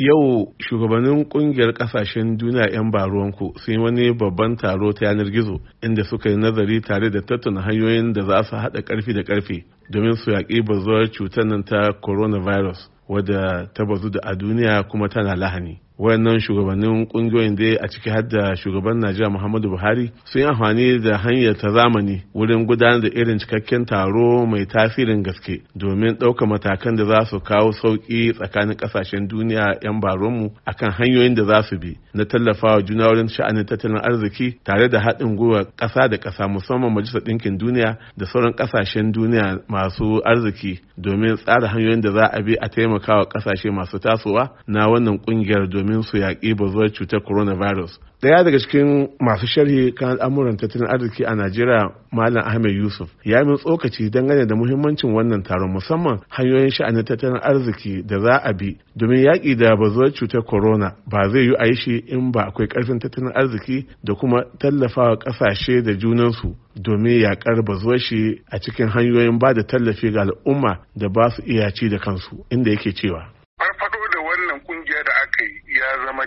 yau shugabannin kungiyar kasashen duniya 'yan baruwanku sun wani babban taro ta yanar gizo inda suka yi nazari tare da tattauna hanyoyin da za su haɗa ƙarfi da ƙarfe domin su yaƙi bazuwar cutar nan ta coronavirus wadda ta bazu da a duniya kuma tana lahani wayannan shugabannin kungiyoyin dai a ciki har da shugaban Najeriya Muhammadu Buhari sun yi amfani da hanyar ta zamani wurin gudanar da irin cikakken taro mai tasirin gaske domin ɗaukar matakan da za su kawo sauƙi tsakanin ƙasashen duniya 'yan baron baronmu akan hanyoyin da za su bi na tallafawa juna wurin sha'anin tattalin arziki tare da haɗin gwiwa ƙasa da ƙasa musamman majalisar ɗinkin duniya da sauran ƙasashen duniya masu arziki domin tsara hanyoyin da za a bi a taimakawa ƙasashe masu tasowa na wannan ƙungiyar domin domin su yaƙi bazuwar cutar coronavirus. Daya daga cikin masu sharhi kan al'amuran tattalin arziki a Najeriya Malam Ahmed Yusuf ya min tsokaci dangane da muhimmancin wannan taron musamman hanyoyin sha'anin tattalin arziki da za a bi domin yaƙi da bazuwar cutar corona ba zai yi a shi in ba akwai ƙarfin tattalin arziki da kuma tallafawa ƙasashe da junansu domin yaƙar bazuwar shi a cikin hanyoyin ba da tallafi ga al'umma da ba su iya ci da kansu inda yake cewa.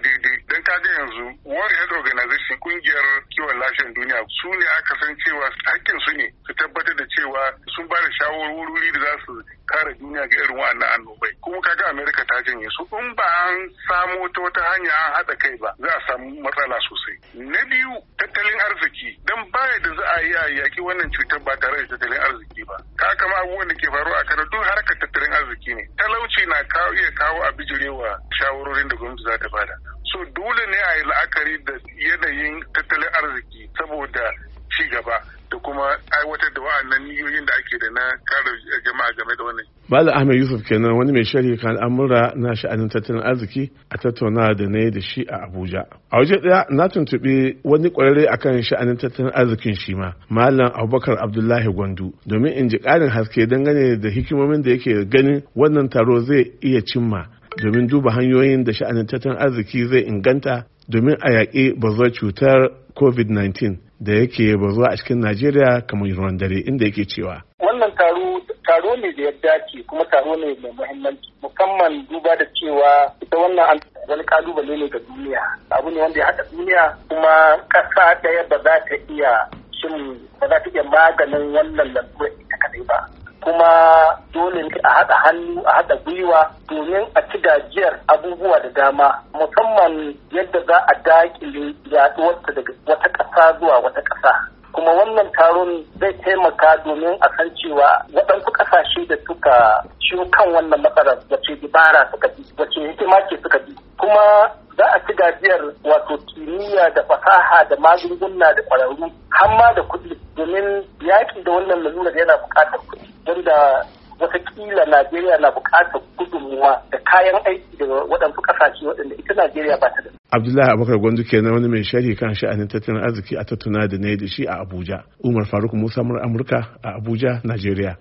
daidai don ga yanzu World Health Organization kungiyar kiwon lafiyar duniya su ne aka san cewa hakkin su ne su tabbatar da cewa sun ba da shawarwari da za su kare duniya ga irin wa'annan annobai kuma kaga America ta janye su in ba an samo ta wata hanya an haɗa kai ba za a samu matsala sosai na biyu tattalin arziki don baya da za a yi a yaƙi wannan cutar ba tare da tattalin arziki ba ka kama abubuwan da ke faruwa a kano duk harkar tattalin arziki ne talauci na iya kawo a bijirewa shawarorin da gwamnati za ta bada so dole ne a yi la'akari da yanayin tattalin arziki saboda ci gaba da kuma aiwatar da wa'annan niyoyin da ake da na kare jama'a game da wannan. Malam Ahmed Yusuf kenan wani mai sharhi kan al'amura na sha'anin tattalin arziki a tattauna da na da shi a Abuja. A waje ɗaya na tuntuɓi wani ƙwararre akan sha'anin tattalin arzikin shi ma, Malam Abubakar Abdullahi Gwandu, domin in ji ƙarin haske dangane da hikimomin da yake ganin wannan taro zai iya cimma domin duba hanyoyin da sha'anin tattalin arziki zai inganta domin a yaƙi bazuwar cutar covid-19 da yake bazuwa a cikin najeriya kamar ruwan dare inda yake cewa wannan taro taro ne da ya dace kuma taro ne mai muhimmanci musamman duba da cewa ita wannan wani kalubale ne ga duniya abu ne wanda ya haɗa duniya kuma ƙasa ɗaya ba za ta iya shin ba za ta iya maganin wannan lalura kuma dole ne a haɗa hannu a haɗa gwiwa domin a ci gajiyar abubuwa da dama musamman yadda za a daƙile yaɗuwarta daga wata ƙasa zuwa wata ƙasa kuma wannan taron zai taimaka domin a san cewa waɗansu ƙasashe da suka ciwo kan wannan matsalar wace dibara suka bi wace hikima ce suka bi kuma za a ci gajiyar wato kimiyya da fasaha da magunguna da ƙwararru har da kuɗi domin yaƙi da wannan lalurar yana buƙatar kuɗi wanda watakila Najeriya na buƙatar gudunmuwa da kayan aiki daga waɗansu ƙasashe waɗanda ita Najeriya ba ta da. Abdullahi Abubakar Gwandu kenan wani mai sharhi kan sha'anin tattalin arziki a tattuna da na da shi a Abuja. Umar Faruk Musa Amurka a Abuja, Najeriya.